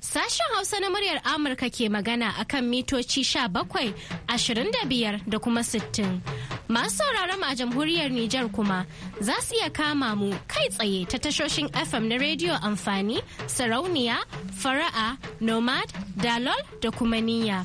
Sashen Hausa na muryar Amurka ke magana akan mitoci sha bakwai ashirin da biyar da kuma sittin Masu sauraron a jamhuriyar Nijar kuma za su iya kama mu kai tsaye ta tashoshin FM na rediyo amfani, sarauniya, fara'a, nomad, dalol da kuma niyya.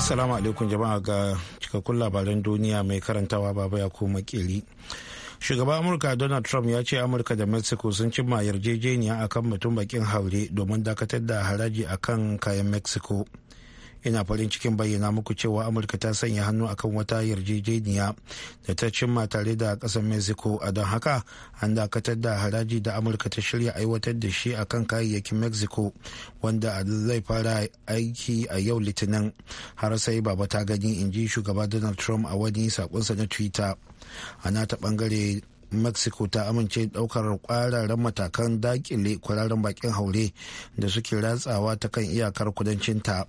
Assalamu alaikum jama'a ga cikakkun labaran duniya mai karantawa baba ya koma kiri. Shugaban Amurka Donald Trump ya ce Amurka da Mexico sun cimma yarjejeniya akan mutum bakin haure domin dakatar da haraji akan kayan Mexico. ina farin cikin bayyana muku cewa amurka ta sanya hannu akan wata yarjejeniya da ta cimma tare da ƙasar mexico a don haka an dakatar da haraji da amurka ta shirya aiwatar da shi akan kayayyakin mexico wanda zai fara aiki a yau litinin har sai baba ta gani in ji shugaba donald trump a wani sakonsa na twitter mexico ta amince daukar kwararren matakan dakile kwararren bakin haure da suke ratsawa ta kan iyakar kudancinta. ta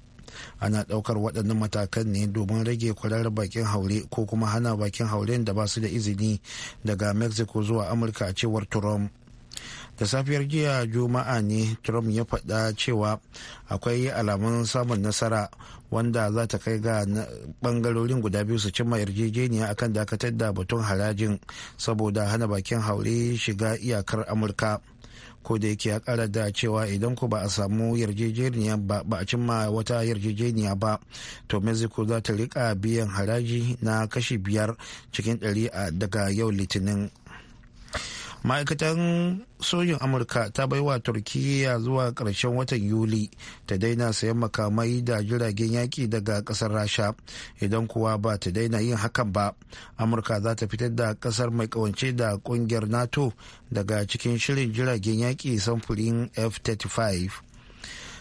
ana daukar waɗannan matakan ne domin rage kwarar bakin haure ko kuma hana bakin hauren da ba su da izini daga mexico zuwa amurka a cewar trump da safiyar jiya juma'a ne trump ya faɗa cewa akwai alamun samun nasara wanda za ta kai ga bangarorin guda biyu su cimma yarjejeniya akan dakatar da batun harajin saboda hana bakin haure shiga iyakar amurka ko da yake ya kara da cewa idan ku ba a samu yarjejeniya ba a cimma wata yarjejeniya ba to mexico za ta rika biyan haraji na kashi biyar cikin ɗari daga yau litinin ma'aikatan sojin amurka ta bai wa turkiyya zuwa ƙarshen watan yuli ta daina sayan makamai da jiragen yaƙi daga ƙasar rasha idan kuwa ba ta daina yin hakan ba amurka za ta fitar da ƙasar mai ƙawance da ƙungiyar nato daga cikin shirin jiragen yaƙi samfurin f-35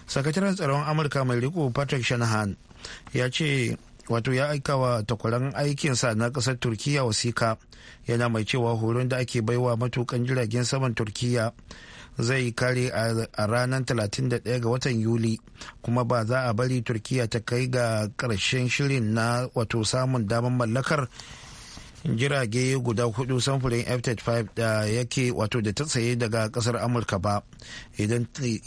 sakataren tsaron amurka mai riko patrick shanahan ya ce wato ya aika wa takwaran aikinsa na kasar turkiya wasika yana mai cewa horon da ake baiwa matukan jiragen saman turkiya zai kare a ranar 31 ga watan yuli kuma ba za a bari turkiya ta kai ga karshen shirin na wato samun damar mallakar jirage guda hudu samfurin f-35 da yake wato da ta tsaye daga kasar amurka ba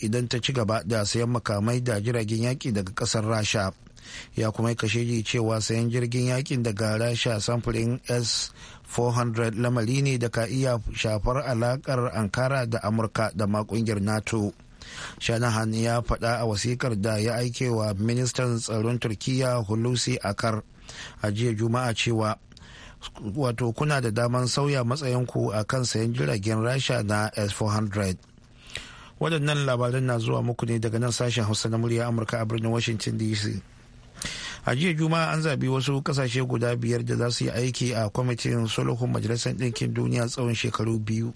idan ta ci gaba da sayan makamai da jiragen yaki daga kasar rasha ya kuma yi kashedi cewa sayan jirgin yakin daga rasha samfurin s 400 lamari ne da ka iya shafar alakar ankara da amurka da ma kungiyar nato shanahan ya faɗa a wasikar da ya aike wa ministan tsaron turkiya hulusi akar a jiya juma'a cewa wato kuna da daman sauya matsayinku a kan sayan jiragen rasha na s-400 waɗannan labaran na zuwa muku ne daga nan sashen hausa na murya amurka a birnin washington dc a jiya juma'a an zabi wasu kasashe guda biyar da za su yi aiki a kwamitin sulhun majalisar ɗinkin duniya tsawon shekaru biyu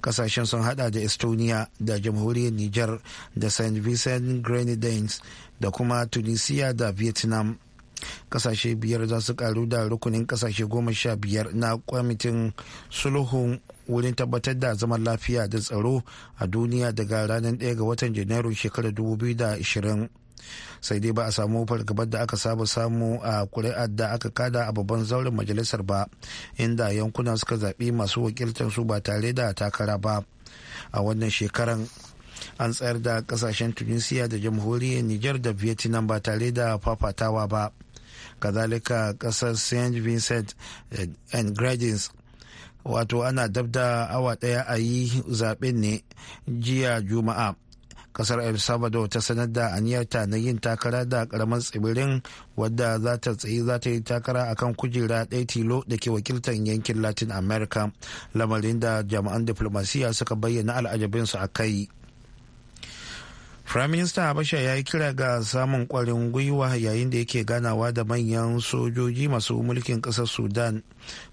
kasashen sun hada da estonia da jamhuriyar niger da st vincent grenadines da kuma tunisia da vietnam kasashe biyar za su karu da rukunin kasashe goma sha biyar na kwamitin sulhun wurin tabbatar da zaman lafiya da tsaro a duniya daga ranar 1 ga watan janairun shekarar 2020 sai dai ba a samu fargabar da aka saba samu a kuri'ar da aka kada a babban zauren majalisar ba inda yankunan suka zaɓi masu wakiltar su ba tare da takara ba a wannan shekaran an tsayar da kasashen tunisia da jamhuriyar niger da vietnam ba tare da fafatawa ba kazalika kasar st vincent and gradins wato ana dabda awa daya a yi zaɓen ne jiya juma'a kasar el salvador ta sanar da aniyarta na yin takara da karamar tsibirin wadda za ta tsaye za ta yi takara akan kujera ɗaya tilo da ke wakiltar yankin latin america lamarin da jami'an diplomasiya suka bayyana al'ajabinsu a kai Prime Minister Habasha ya yi kira ga samun kwarin gwiwa yayin da yake ganawa da manyan sojoji masu mulkin ƙasar Sudan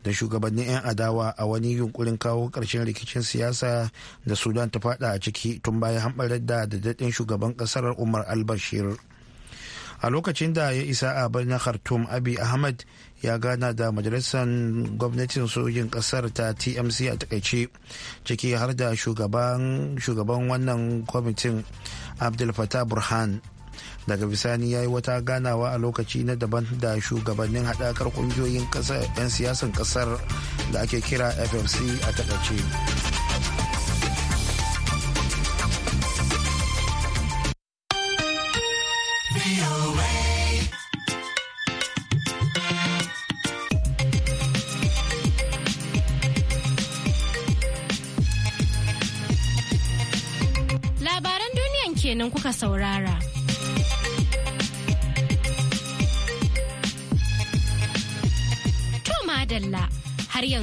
da shugabannin 'yan adawa a wani yunkurin kawo ƙarshen rikicin siyasa da Sudan ta fada a ciki tun bayan hamɓarar da daɗin shugaban ƙasar Umar al-Bashir. a lokacin da ya isa a birnin khartoum abi ahmad ya gana da majalisar gwamnatin sojin kasar ta tmc a takaice ciki har da shugaban wannan kwamitin abdul fatah burhan daga bisani ya yi wata ganawa a lokaci na daban da shugabannin haɗakar ƙungiyoyin 'yan siyasan kasar da ake kira ffc a takaice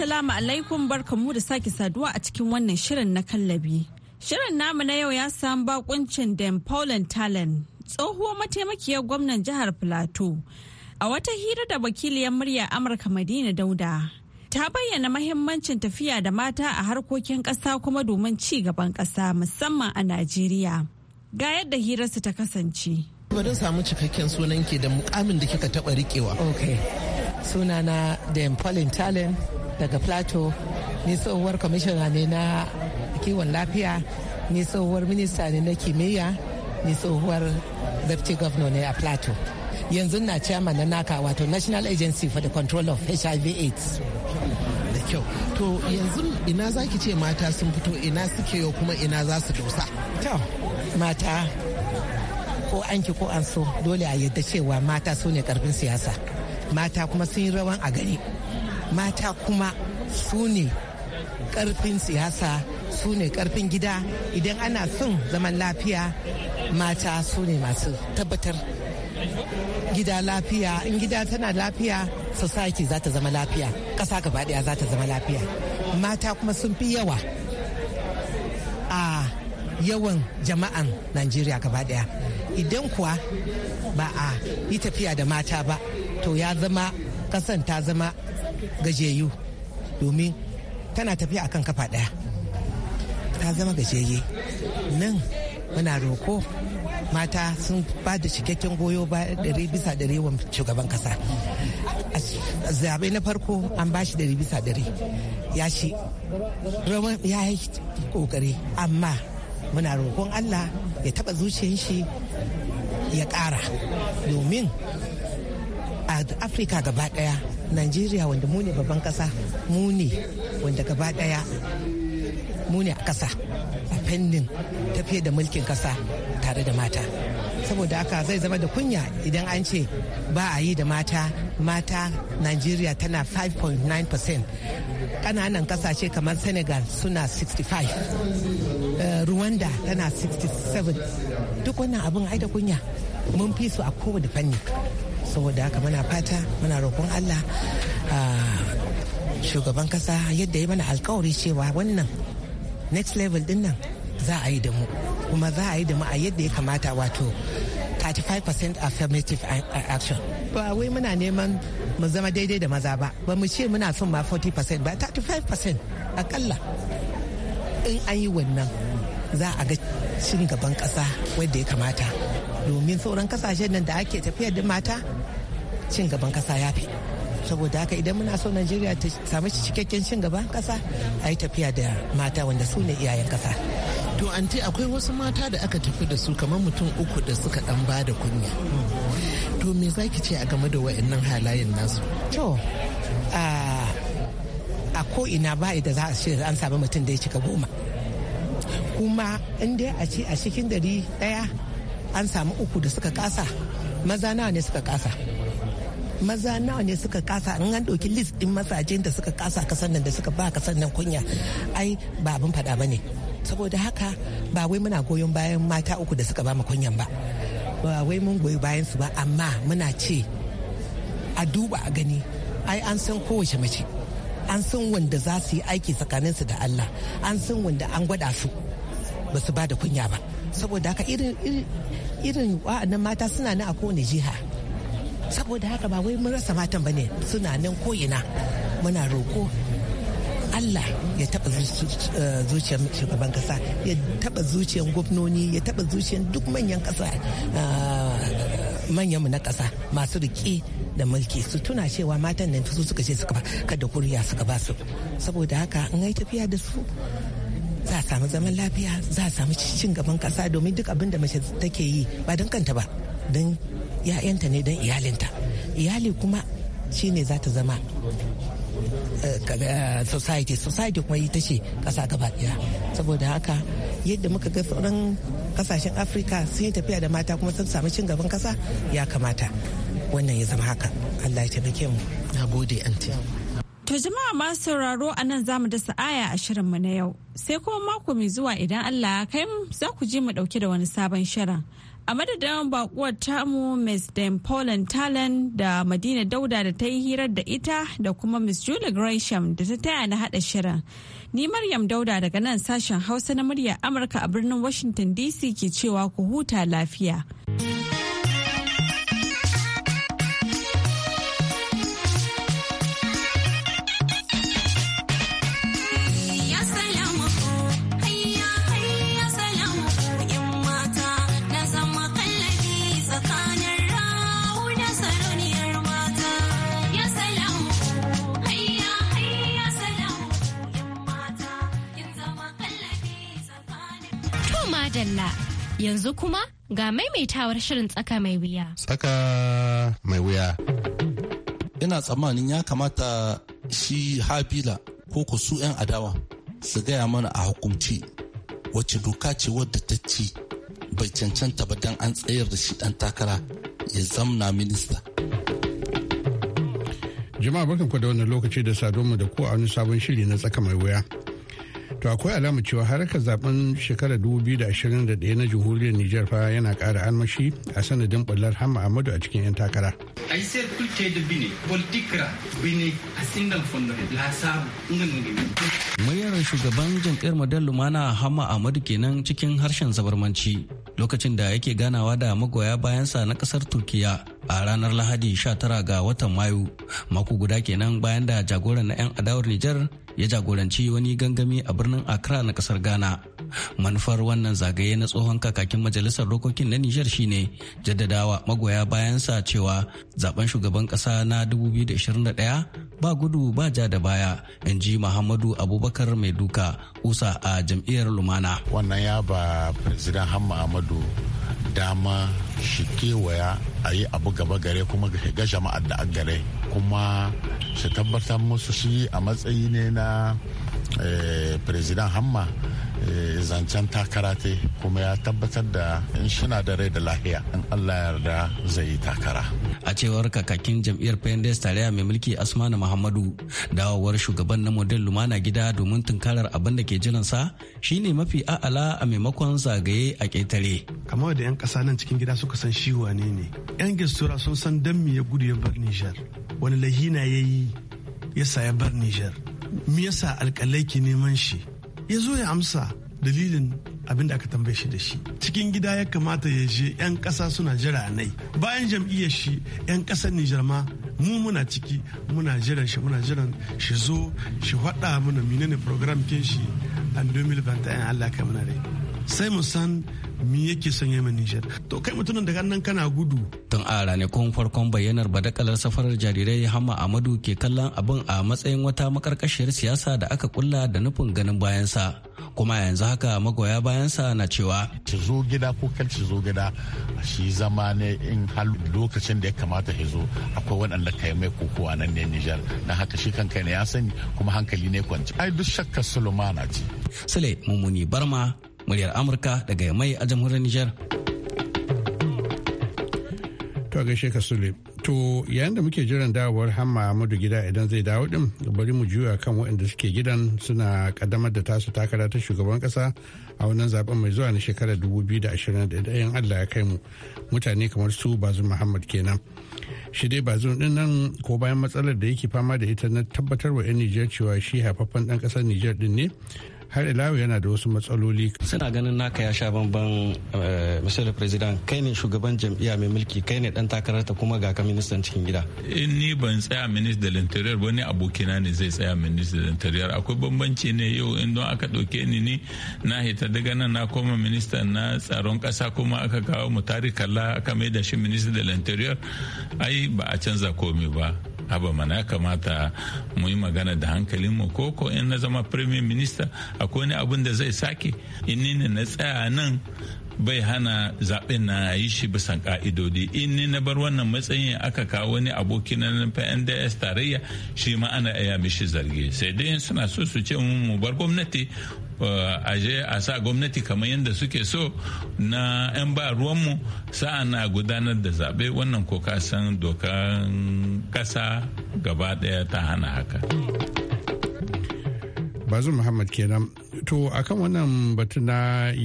Assalamu alaikum barkamu da sake saduwa a cikin wannan shirin na kallabi. Shirin namu na yau ya samu bakuncin Dan Paulin Talen, tsohuwar mataimakiyar gwamnan jihar Filato. A wata hira da wakiliyar murya Amurka Madina Dauda, ta bayyana mahimmancin tafiya da mata a harkokin kasa kuma domin ci gaban ƙasa musamman a Najeriya. Ga yadda hirarsu ta kasance. Bari samu cikakken sunan ke da mukamin da kika taɓa riƙewa. Okay. Sunana Dan Paulin Talen daga plateau ni tsohuwar kwamishina ne na kiwon lafiya ni tsohuwar minista ne na kimiyya ni tsohuwar deputy governor ne a plateau yanzu na chairman na naka wato national agency for the control of hiv aids da kyau to yanzu ina za ki ce mata sun fito ina suke yau kuma ina za su dosa to mata ko an ki ko an so dole a yadda cewa mata su ne karfin siyasa mata kuma sun yi rawan a gari. mata kuma su ne karfin siyasa su ne karfin gida idan ana son zaman lafiya mata su ne masu tabbatar gida lafiya in gida tana lafiya society za ta zama lafiya ƙasa gaba daya za ta zama lafiya mata kuma sun fi yawa a yawan jama'an najeriya gaba daya idan kuwa ba a yi tafiya da mata ba to ya zama kasan ta zama gajeyu domin tana tafiya kan kafa ɗaya ta zama gajeye nan muna roko mata sun ba da cikakken goyo ba ɗari bisa ɗari wa shugaban kasa zaɓe na farko an ba shi ɗari bisa ɗari ya shi ya yi ƙoƙari amma muna roƙon allah ya taɓa zuciyar shi ya ƙara domin a afirka gaba daya nigeria wanda mu ne babban kasa mu ne wanda gaba daya mu ne a kasa a fannin tafiye da mulkin kasa tare da mata saboda aka zai zama da kunya idan an ce ba a yi da mata mata nigeria tana 5.9% kananan kasashe kamar Senegal suna 65 eh, Rwanda tana 67 duk wannan abin ai da kunya mun fi su a kowane fanni saboda haka muna fata muna roƙon allah shugaban kasa yadda ya mana alkawari cewa wannan next level din nan za a yi da mu kuma za a yi da mu a yadda ya kamata wato 35% affirmative action ba wai muna neman mu zama daidai da maza ba ba mu ce muna son ma 40% ba 35% akalla in an yi wannan za a ga cin gaban kasa wadda ya kamata domin sauran kasashen nan da ake tafiyar da mata cin gaban kasa ya fi saboda haka idan muna so najeriya ta samu cikakken cin gaban kasa a yi tafiya da mata wanda su ne iyayen kasa to anti akwai wasu mata da aka tafi da su kamar mutum uku da suka dan ba da kunya to me za ki ce a game da wa'annan halayen nasu to a ko ina ba da za a ce an samu mutum da ya cika goma kuma in dai a ce a cikin dari daya an samu uku da suka kasa maza nawa ne suka kasa maza nawa ne suka kasa in an ɗauki list ɗin mazajen da suka kasa kasan nan da suka ba kasan nan kunya ai ba abin faɗa ba ne saboda haka ba wai muna goyon bayan mata uku da suka ba mu kunyan ba ba wai mun goyi bayan su ba amma muna ce a duba a gani ai an san kowace mace an san wanda za su yi aiki tsakanin su da Allah an san wanda an gwada su ba su ba da kunya ba saboda haka irin irin wa'annan mata suna na a kowane jiha saboda haka ba wai mun rasa matan ba ne suna nan ko ina muna roko Allah ya taba eh, zuciyar shugaban kasa ya taba zuciyar gwamnoni ya taba zuciyar duk manyan kasa eh, manyanmu na kasa masu riƙe da mulki su tuna cewa matan nan su suka ce suka ba kada kuriya suka ba su saboda haka in ai tafiya da su za a samu zaman lafiya za a samu cin gaban kasa domin duk abin da mace take yi ba don kanta ba don 'ya'yanta ne don iyalinta iyali kuma ne za ta zama eh, eh, society society kuma ita ce kasa gaba ɗaya saboda haka yadda muka ga sauran kasashen afirka sun yi tafiya da mata kuma sun samu cin gaban kasa ya kamata wannan ya zama haka allah ya taimake mu na gode anti to jama'a masu sauraro a nan za mu da sa'aya a shirin mu na yau sai kuma mako mai zuwa idan allah ya kai mu za ku ji mu ɗauke da wani sabon shirin a madadin bakuwar tamu Ms. Dan Pauline Talon da Madina Dauda da ta yi hirar da ita da kuma Ms. Julie Gresham da ta taya na haɗa shirin. Ni Maryam Dauda daga nan sashen Hausa na murya Amurka a birnin Washington DC ke cewa ku huta lafiya. yanzu kuma ga maimaitawar shirin tsaka mai wuya. Tsaka mai wuya. Ina tsammanin ya kamata shi habila ko ku su 'yan adawa su gaya mana a hukumci wacce doka ce wadda ta ci bai cancanta ba don an tsayar da shi dan takara ya zamna minista. Jama'a barkan ku da wannan lokaci da sadonmu da ku a wani sabon shiri na tsaka mai wuya. to akwai alama cewa harkar zaben shekarar 2021 na jihuriyar Nijar fa yana ƙara almashi a sanadin ɓullar Hamma Ahmadu a cikin 'yan takara. Ai sai kulte da bine, politikra bine a sindan shugaban jam'iyyar Madal Lumana Hamma Ahmadu kenan cikin harshen zabarmanci lokacin da yake ganawa da magoya bayansa na ƙasar Turkiya a ranar Lahadi 19 ga watan Mayu mako guda kenan bayan da jagoran na 'yan adawar Nijar ya jagoranci wani gangami a birnin accra na kasar ghana manufar wannan zagaye na tsohon kakakin majalisar dokokin na nijar shine jaddadawa magoya bayan sa cewa zaben shugaban kasa na 2021 ba gudu ba ja da baya in ji muhammadu abubakar mai duka usa a jam'iyyar lumana wannan ya ba hamma ahmadu dama shi kewaya a yi abu gaba gare kuma ga jama'ar da an gare kuma su tabbatar musu shi a matsayi ne na president hamma eh, zancen takara te kuma ya tabbatar da in shina da rai da lahiya in allah yarda zai yi takara a cewar kakakin jam'iyyar pendes tarayya mai mulki asmanu muhammadu dawowar shugaban na model lumana gida domin tunkarar abin da ke jiransa shine mafi a'ala a maimakon zagaye a ketare kamar da 'yan kasa nan cikin gida suka san shi wane ne 'yan gestura sun san dan ya gudu ya bar nijar wani lahina ya yi ya saya bar nijar me yasa alƙalai ke neman shi ya zo ya amsa dalilin abin da aka tambaye shi da shi cikin gida ya kamata ya je 'yan kasa suna jira nai bayan jam'iyyar shi 'yan ƙasar nijar ma mu muna ciki muna jiran shi muna jiran shi zo shi faɗa mana menene program kin shi a 2021 Allah kai muna rai sai mu san me yake son yamin Niger. to kai mutumin daga nan kana gudu tun a ranakun farkon bayyanar badakalar safarar jarirai hama Amadu ke kallon abin a matsayin wata makarkashiyar siyasa da aka kulla da nufin ganin bayansa kuma yanzu haka magoya bayansa na cewa ki zo gida ko kan ki zo gida shi zama ne in hal lokacin da ya kamata ya zo akwai waɗanda kai mai kokowa nan ne Nijar na haka shi kanka ne ya sani kuma hankali ne kwanci ai duk shakka Sulumana ce Sule Mumuni Barma muryar amurka daga mai a jamhuriyar nijar to gaishe ka sule to yayin da muke jiran dawowar hamma mudu gida idan zai dawo din bari mu juya kan waɗanda suke gidan suna kaddamar da tasu takara ta shugaban kasa a wannan zaben mai zuwa na shekarar 2021 yan Allah ya kai mu mutane kamar su bazu Muhammad kenan shi dai bazu din nan ko bayan matsalar da yake fama da ita na tabbatar wa 'yan Nijar cewa shi haifaffen dan kasar Nijar din ne har ila yana da wasu matsaloli suna ganin naka ya sha bamban eh, mr president kai ne shugaban jam'iyya mai mulki kai ne dan takarar ta kuma ga ka ministan cikin gida in ni ban tsaya minista da interior wani abokina ne zai tsaya minista da interior akwai bambanci ne yau in don aka dauke ni ni na hita daga nan na koma minista na tsaron kasa kuma aka kawo mu tari kalla aka mai da shi minista da interior ai ba a canza komai ba haba mana kamata mu yi magana da hankalin mu ko in na zama premier minister akwai wani abun da zai sake in ne na tsaya nan bai hana zaɓe na yi shi bisan ka'idodi in ni na bar wannan matsayin aka kawo wani aboki na nds tarayya shi ma ana iya mishi zargi sai dai suna so su ce mu bar gwamnati eh, a je a sa gwamnati kamar yadda suke so na 'yan ba ruwanmu sa'an na gudanar da zaɓe wannan ko kasan dokan ƙasa gaba ɗaya ta hana haka. bazum muhammad kenan to akan wannan batu na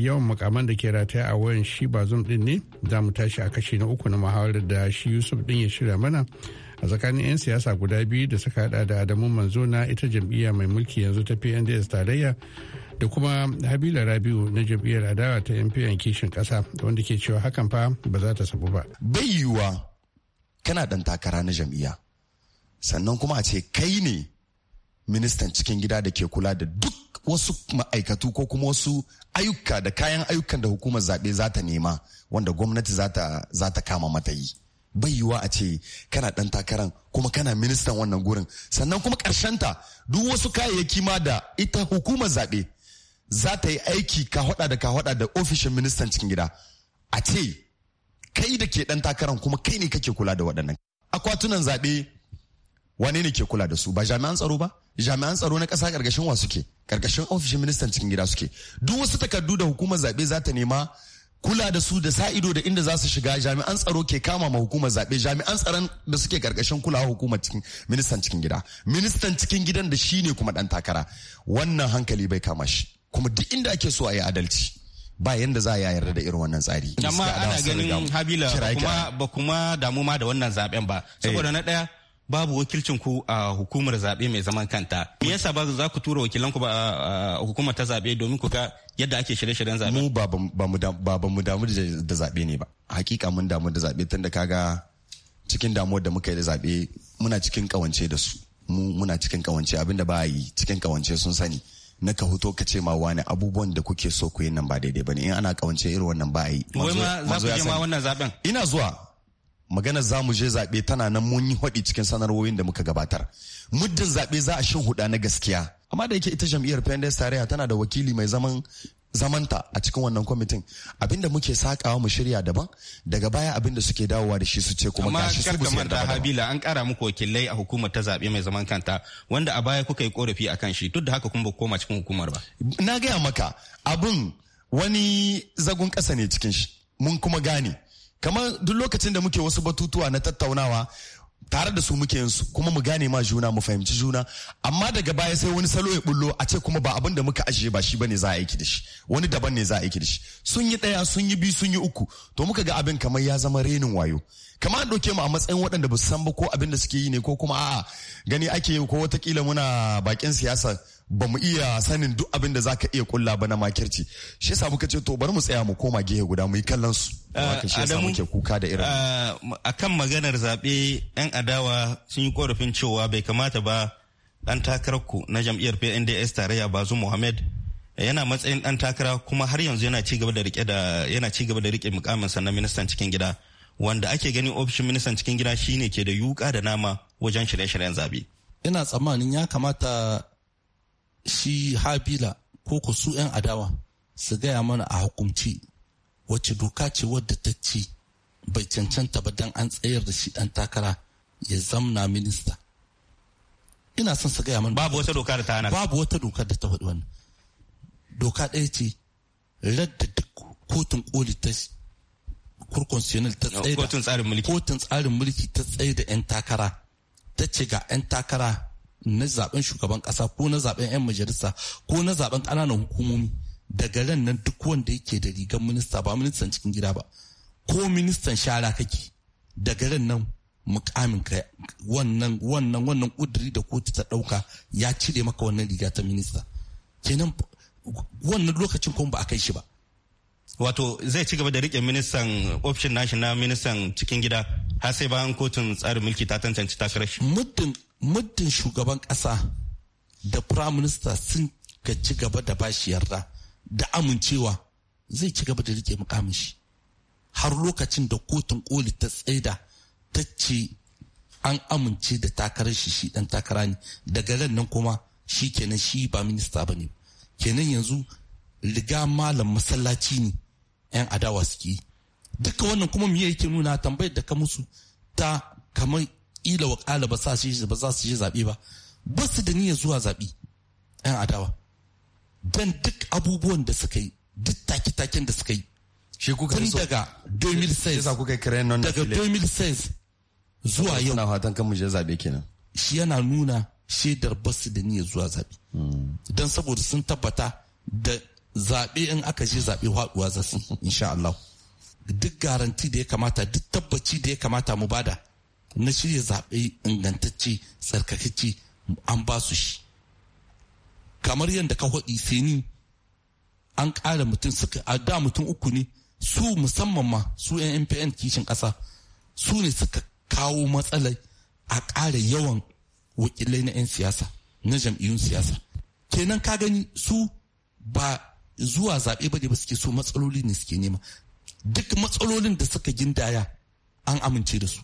yawan makaman da ke rataya a wayan shi bazum din ne za mu tashi a kashi na uku na muhawarar da shi yusuf din ya shirya mana a tsakanin 'yan siyasa guda biyu da suka hada da adamu manzo na ita jam'iyya mai mulki yanzu ta pnds tarayya da kuma habila rabiu na jam'iyyar adawa ta yan fiyan kishin kasa wanda ke cewa hakan fa ba za ta sabu ba bayyuwa kana dan takara na jam'iyya sannan kuma a ce kai ne ministan cikin gida da ke kula da duk wasu ma'aikatu ko kuma wasu ayyuka da kayan ayyukan da hukumar zaɓe za ta nema wanda gwamnati za ta kama mata yi bai a ce kana ɗan takaran kuma kana ministan wannan gurin sannan kuma ta duk wasu kayayyaki ma da ita hukumar zaɓe za ta yi aiki ka hada da ka hada da ofishin ministan cikin gida a ce kai da ke ɗan takaran kuma kai ne kake kula da waɗannan akwatunan zaɓe wane ne ke kula da su ba jami'an tsaro ba jami'an tsaro na ƙasa ƙarƙashin wa suke ƙarƙashin ofishin ministan cikin gida suke duk wasu takardu da hukumar zaɓe za ta nema kula da su da sa ido da inda za su shiga jami'an tsaro ke kama ma hukumar zaɓe jami'an tsaron da suke karkashin kulawa hukumar cikin ministan cikin gida ministan cikin gidan da shi ne kuma ɗan takara wannan hankali bai kama shi kuma duk inda ake so a yi adalci ba yanda za a yarda da irin wannan tsari. amma ana ganin habila ba kuma damu ma da wannan zaben ba saboda eh. na daya babu wakilcin ku a hukumar zaɓe mai zaman kanta. Me yasa ba za ku tura wakilan ku ba a hukumar ta zaɓe domin ku ga yadda ake shirye-shiryen zaɓe? Mu ba ba mu damu da zaɓe ne ba. Hakika mun damu da zaɓe tunda kaga cikin damuwar da muka yi da zaɓe muna cikin kawance da su. Mu muna cikin kawance abinda ba yi cikin kawance sun sani. na ka huto ka ce ma wani abubuwan da kuke so ku yi nan ba daidai bane in ana kawance irin wannan ba yi. Wai ma za ku je ma wannan zaben? Ina zuwa magana za mu je zaɓe tana nan mun yi haɗi cikin sanarwoyin da muka gabatar muddin zaɓe za a shin huɗa na gaskiya amma da yake ita jam'iyyar pendes tarayya tana da wakili mai zaman zamanta a cikin wannan kwamitin abinda muke sakawa mu shirya daban daga baya abinda suke dawowa da shi su ce kuma gashi su gusa da habila an kara muku wakilai a hukumar ta zabe mai zaman kanta wanda a baya kuka yi korafi akan shi duk da haka kun ba koma cikin hukumar ba na gaya maka abun wani zagon ƙasa ne cikin shi mun kuma gane kamar duk lokacin da muke wasu batutuwa na tattaunawa tare da su muke yin su kuma mu gane ma juna mu fahimci juna amma daga baya sai wani salo ya bullo a ce kuma ba abin da muka ajiye ba shi bane za a aiki da shi wani daban ne za a aiki da shi sun yi daya sun yi biyu sun yi uku to muka ga abin kamar ya zama renin wayo kamar an doke mu a matsayin waɗanda ba su san ba ko abin da suke yi ne ko kuma a'a gani ake ko watakila muna bakin siyasa ba mu iya sanin duk abin da zaka iya kulla ba na makirci shi yasa muka ce to bari mu tsaya mu koma gehe guda mu yi kallon su eh, shi yasa muke kuka da irin eh, akan maganar zabe yan adawa sun yi korafin cewa bai kamata ba dan ku na jam'iyyar PNDS tarayya Bazu Muhammad yana matsayin dan takara kuma har yanzu yana ci gaba da rike da yana ci gaba da rike mukamin sannan ministan cikin gida wanda ake gani ofishin ministan cikin gida shine ke da yuka da nama wajen shirye-shiryen zabe ina tsammanin ya kamata shi habila ko ku su 'yan adawa su gaya mana a hukumci wacce doka ce wadda ta ce bai cancanta ba don an tsayar da shi dan takara ya zamna minista ina son su gaya mana babu wata doka da ta hana babu wata doka da ta faɗi wannan doka ɗaya ce radda duk kotun koli ta kurkonsiyonal ta tsaye da kotun tsarin mulki kotun tsarin mulki ta tsaye da yan takara ta ce ga yan takara na zaben shugaban kasa ko na zaben 'yan majalisa ko na zaben ƙananan hukumomi daga ran nan duk wanda yake da rigar minista ba ministan cikin gida ba ko ministan shara kake daga ran nan mukamin ka wannan wannan wannan kudiri da kotu ta dauka ya cire maka wannan riga ta minista kenan wannan lokacin kuma ba a kai shi ba wato zai ci gaba da rike ministan option nashi na ministan cikin gida har sai bayan kotun tsarin mulki ta tantance takarar shi muddin muddin shugaban ƙasa da firaminista sun ka ci gaba da bashi yarda da amincewa zai ci gaba da rike mukamin har lokacin da kotun koli ta tsaida ta ce an amince da takarar shi shi dan takara ne daga nan kuma shi kenan shi ba minista ba ne kenan yanzu riga malam masallaci ne yan adawa suke duka wannan kuma me yake nuna tambayar da ka musu ta kamar ila wa ƙala ba za su yi zaɓe ba ba su da niyyar zuwa zaɓe 'yan adawa don duk abubuwan da suka yi duk take-taken da suka yi tun daga 2006 daga 2006 zuwa yau na kan muje zaɓe kenan shi yana nuna shaidar ba su da niyyar zuwa zaɓe hmm. don saboda sun tabbata da zaɓe in aka je zaɓe haɗuwa za su insha Allah duk garanti da ya kamata duk tabbaci da ya kamata mu bada na shirya zaɓe ingantacce tsarkakacce an ba su shi kamar yadda ka haɗi sai an ƙara mutum suka a da mutum uku ne su musamman ma su yan mpn kishin ƙasa su ne suka kawo matsalai a ƙara yawan wakilai na 'yan siyasa na jam'iyyun siyasa kenan ka gani su ba zuwa zaɓe ba ne ba suke so matsaloli ne suke nema duk matsalolin da suka gindaya an amince da su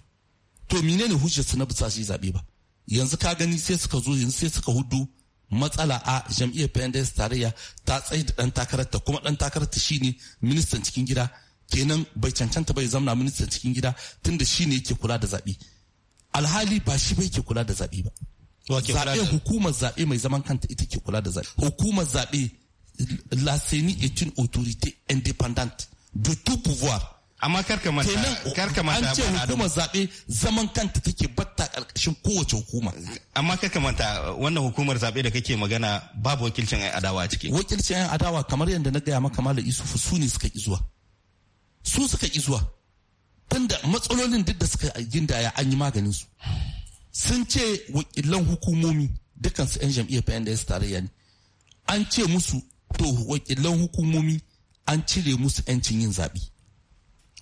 to menene hujjar su na bisa shi zaɓe ba yanzu ka gani sai suka zo yanzu sai suka hudu matsala a jam'iyyar pendes tarayya ta tsaye da ɗan takararta kuma ɗan takararta shine ministan cikin gida kenan bai cancanta bai zamna ministan cikin gida tunda shine yake kula da zaɓe alhali ba shi bai ke kula da zaɓe ba zaɓe hukumar zaɓe mai zaman kanta ita ke kula da zaɓe hukumar zaɓe la seni est une autorité indépendante de tout pouvoir amma karka mata karka mata an ce hukumar zaɓe zaman kanta take batta ƙarƙashin kowace hukuma amma ka manta wannan hukumar zaɓe da kake magana babu wakilcin yan adawa ciki wakilcin yan adawa kamar yadda na gaya maka malam isufu su ne suka ki zuwa su suka ki zuwa tunda matsalolin duk da suka gindaya an yi maganin su sun ce wakilan hukumomi su yan jam'iyyar PNDS tarayya ne an ce musu to wakilan hukumomi an cire musu 'yancin yin zaɓe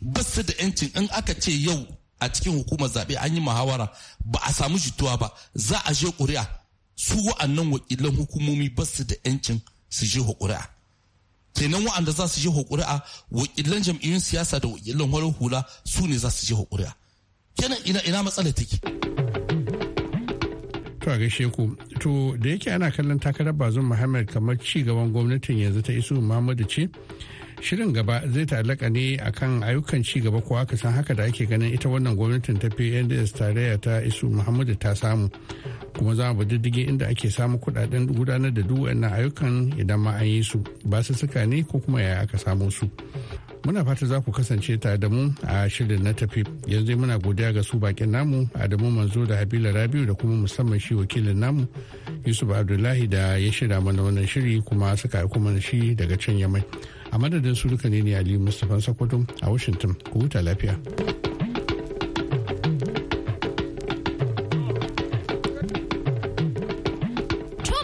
ba da yancin in aka ce yau a cikin hukumar zaɓe an yi muhawara ba a samu jituwa ba za a je ƙuri'a su wa'annan wakilan hukumomi ba da yancin su je ƙuri'a kenan wa'anda za su je ƙuri'a wakilan jam'iyyun siyasa da wakilan wani hula su ne za su je ƙuri'a kenan ina ina matsala take to a sheku to da yake ana kallon takarar bazon muhammad kamar ci gaban gwamnatin yanzu ta isu muhammadu ce shirin gaba zai ta'allaka ne a kan ayyukan ci gaba ko aka san haka da ake ganin ita wannan gwamnatin ta pnds tarayya ta isu muhammadu ta samu kuma za mu diddige inda ake samu kudaden gudanar da duk wannan ayyukan idan ma an yi su ba su suka ne ko kuma yaya aka samu su muna fata za ku kasance tare da mu a shirin na tafi yanzu muna godiya ga su bakin namu adamu manzo da habila rabiu da kuma musamman shi wakilin namu yusuf abdullahi da ya shirya mana wannan shiri kuma suka yi mana shi daga can yamai a madadin su duka ne ali mustapha sokoto a washington ku huta lafiya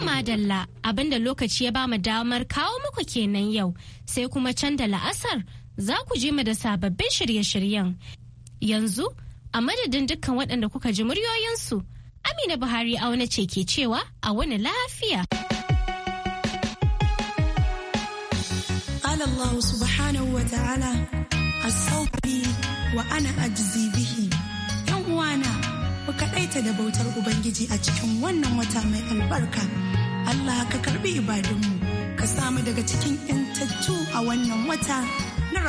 madalla abinda lokaci ya bamu damar kawo muku kenan yau sai kuma can da la'asar za ku je mu da sababbin shirye-shiryen yanzu a madadin dukkan waɗanda kuka ji muryoyinsu amina buhari auna ce ke cewa a wani lafiya قال الله سبحانه وتعالى الصوت لي وأنا أجزي به يوم وكأيت دبوت الأبنجي أجكم وانا وتامي البركة الله ككربي إبادهم كسام samu daga cikin 'yantattu a wannan wata na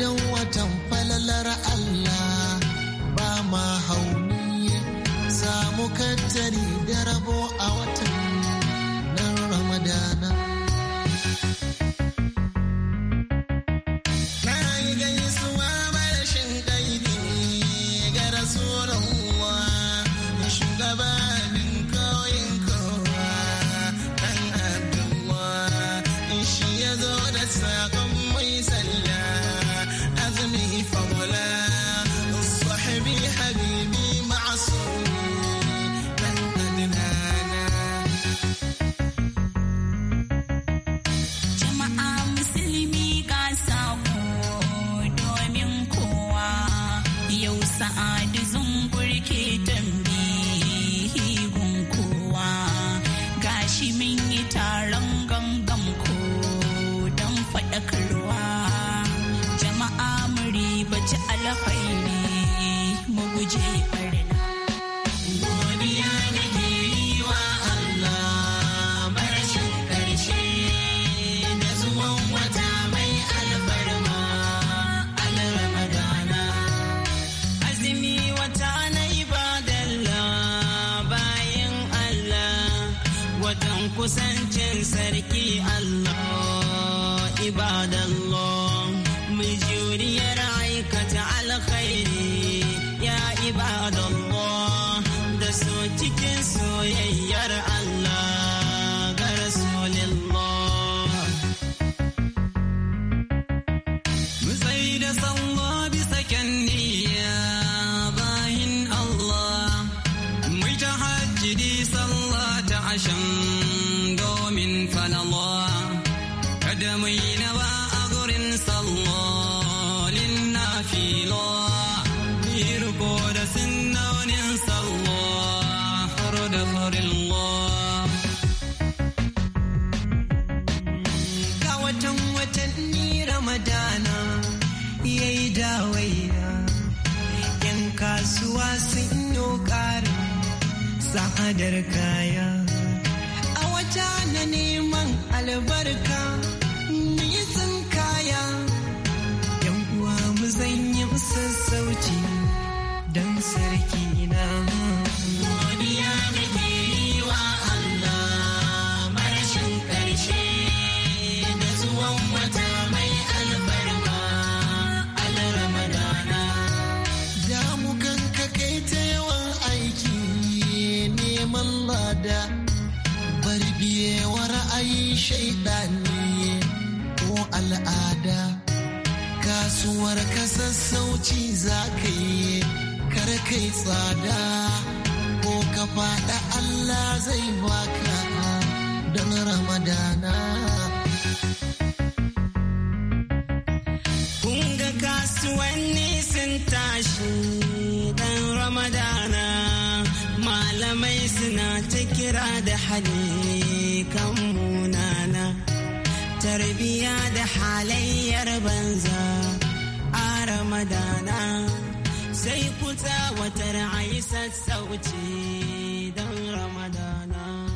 don't dare kasuwar ka sassauci za ka yi kar kai tsada ko ka faɗa Allah zai baka don ramadana kunga kasuwanni sun tashi dan ramadana malamai suna ta kira da hali kan munana tarbiya da halayyar banza ramadana sai kuta watar ayi sassauci don ramadana